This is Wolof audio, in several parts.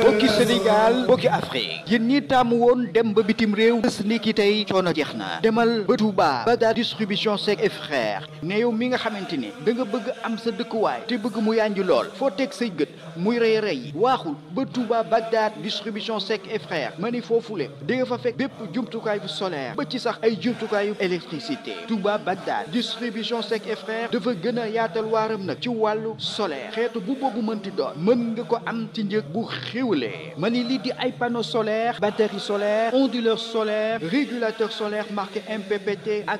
mbokki Sénégal mbokki Afrique yéen ñi tàmm woon dem ba bitim réew bés ni ki tey coono jeex na demal ba Touba Bagdad distribution Seck et frère ne yow mi nga xamante ni da nga bëgg am sa dëkkuwaay te bëgg mu yànji lool foo teg say gët muy rey rey yi waaxul ba Touba Bagdad distribution Seck et ma ni foofule di nga fa fekk bépp jumtukaay bu solaire ba ci sax ay jumtukaayu électricité Touba Bagdad distribution Seck et frère dafa gën a yaatal waaram nag ci wàllu solaire xeetu bu xewlee ma ni lii di ay panneau solaire batterie solaire onduleur solaire régulateur solaire marqué MPPT m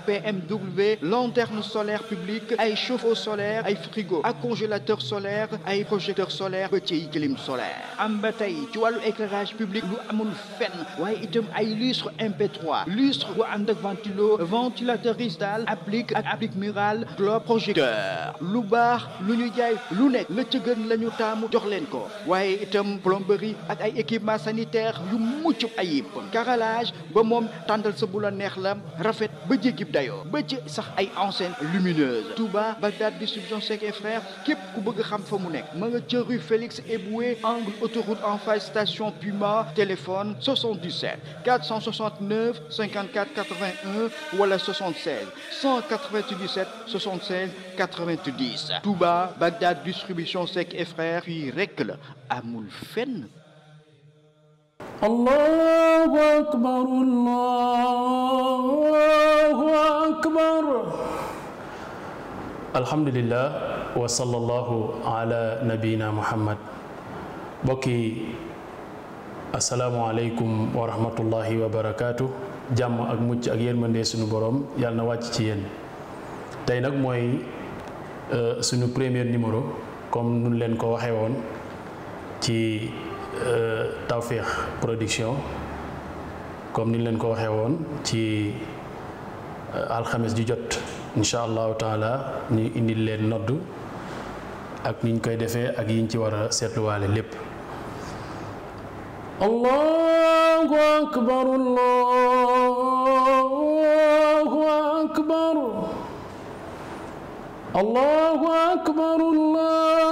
BMW lanterne solaire publique ay chauffe-eau solaire ay frigo ak congélateur solaire ay projecteur solaire petit clim solaire am ba tey ci wàllu éclairage public lu amul fen waaye itam ay lustre MP3 lustre bu ànd ak ventilo ventilateur cristal applique ak applique murale globe projecteur lu baax lu ñu jaay lu nekk la ci gën la ñu taamu jox leen ko itam plomberie ak ay équipement sanitaire yu mucc ayib carrelage ba moom tàndal sa bu neex la rafet ba jéggib dayoo ba sax ay enseignes lumineuses Touba Bagdad distribution Seck et frères képp ku bëgg xam fa mu nekk ma nga ca rue Félix Éboué angle autoroute en face station Puma téléphone 77 469 54 81 wala 76 197 76 90 Touba Bagdad distribution Seck et frères fii rekk la amul fenn allahu akbar allahu akbar alhamdulillah wa sallallahu ala nabiyina muhammad bokki asalaamualeykum wa rahmatullahi wa barakaatu jàmm ak mucc ak yërmande suñu borom yàlla na wàcc ci yéen tey nag mooy euh, suñu premier numéro comme nun leen ko waxee ci euh, tawféex Production comme ni leen ko waxee woon ci euh, alxames ji jot incha allahu taala ñu indi leen nodd ak niñ koy defee ak yi yiñ ci war a seetluwaale lépp allahu akbar allahu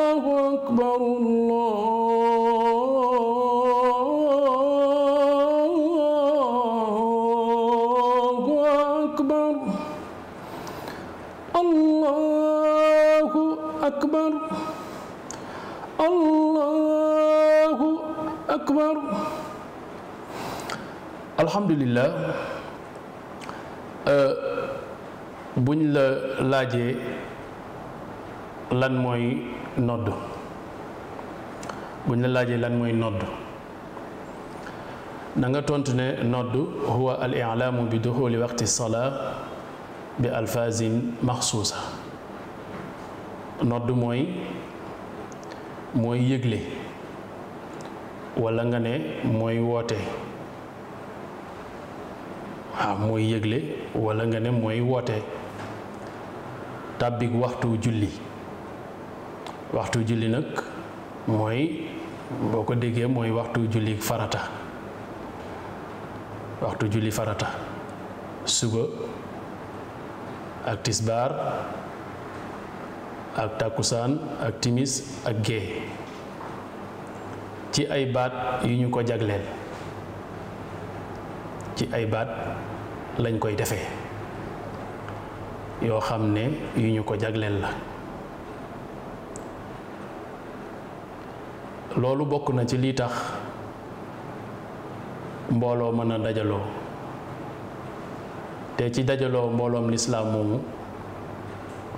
akbar alhamdulillah euh, buñ la laajee lan mooy nodd buñ la laajee lan mooy nodd na tontu ne nodd huwa al ilaamu bi duxuli waqti salaa bi alfazin maxsuusa nodd mooy mooy yëgle walla nga ne mooy woote waaw ah, mooy yëgle walla nga ne mooy woote tàbbik waxtu julli waxtu julli nag mooy boo ko déggee mooy waxtu julli farata waxtu julli farata suba ak tisbaar ak takkusaan ak timis ak gée ci ay baat yu ñu ko jagleel ci ay baat lañ koy defee yoo xam ne yu ñu ko jagleel la loolu bokk na ci lii tax mbooloo mën a dajaloo te ci dajaloo mbooloom lislaam moomu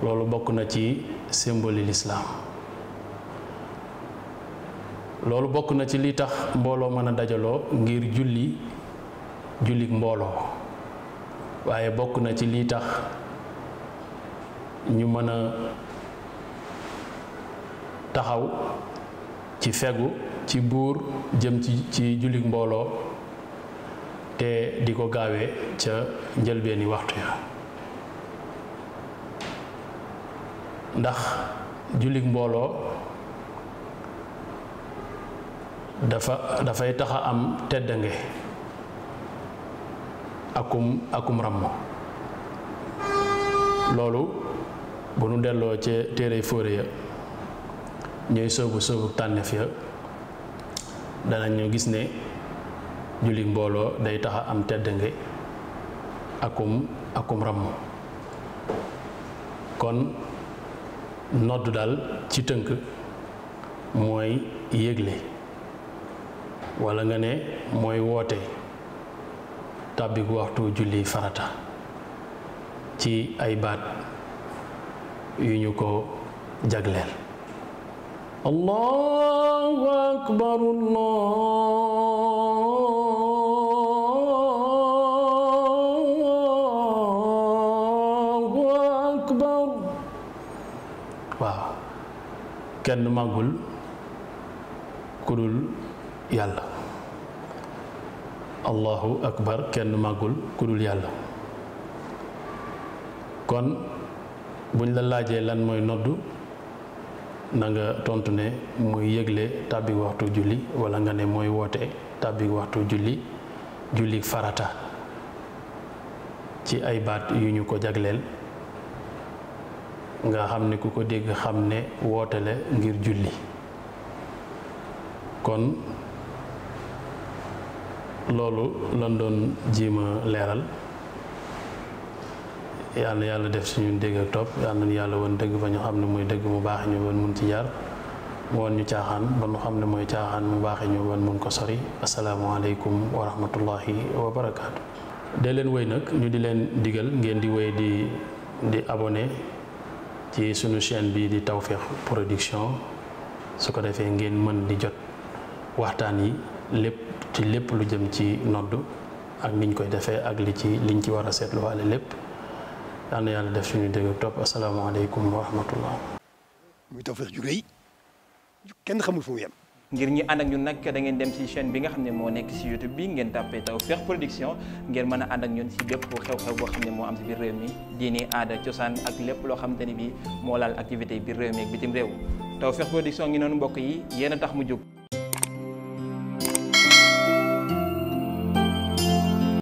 loolu bokk na ci symbole lislaam loolu bokk na ci li tax mbooloo mën a dajaloo ngir julli jullik mbooloo waaye bokk na ci li tax ñu mën a taxaw ci fegu ci buur jëm ci ci jullik mbooloo te di ko gaawee ca njëlbeeni waxtu ya ndax jullik mbooloo dafa dafay taxa am teddange akum akum ràmm loolu bu nu delloo ci téere fóore ya ñooy soobu soobu tànneef ya danañu gis ne julli mbooloo day tax a am teddange akum akum ràmm kon nodd daal ci tënk mooy yégle wala nga ne mooy woote tàbbi waxtu julli farata ci ay baat yu ñu ko jagleel allahu allahu akbar waaw kenn màggul ku dul yàlla allahu akbar kenn màggul ku dul yàlla kon buñ la laajee lan mooy nodd na nga tontu ne muy yëgle tàbbi waxtu julli wala nga ne mooy woote tàbbi waxtu julli julli farata ci ay baat yu ñu ko jagleel nga xam ne ku ko dégg xam ne wootale ngir julli kon loolu lan doon jiima leeral yàlla na yàlla def suñu dégg ak topp yàlla nañu yàlla woon dëgg fa ñu xam ne muy dëgg mu baax ñu woon mun ci jaar mu woon ñu caaxaan ba ñu xam ne mooy caaxaan mu baax ñu woon mun ko sori asalaamaaleykum wa rahmatullahi wa barakaatu. de leen wéy nag ñu di leen digal ngeen di wéy di di abonné ci suñu chaîne bi di Tawfekh Production su ko defee ngeen mën di jot waxtaan yi. lépp ci lépp lu jëm ci nodd ak niñ koy defee ak li ci liñ ci war a seetluwaale lépp yal yàlla def suñu dégg topp asalaamaaleykum wa rahmatullah. muy tawfeex ju rëy kenn xamul fu mu yem. ngir ñu ànd ak ñun nag da ngeen dem ci chaine bi nga xam ne moo nekk ci YouTube bi ngeen tàppee Tawfekh Production ngeen mën a ànd ak ñun ci bépp xew-xew boo xam ne moo am ci biir réew mi diini aada cosaan ak lépp loo xamante ni bi moo laal activité biir réew mi ak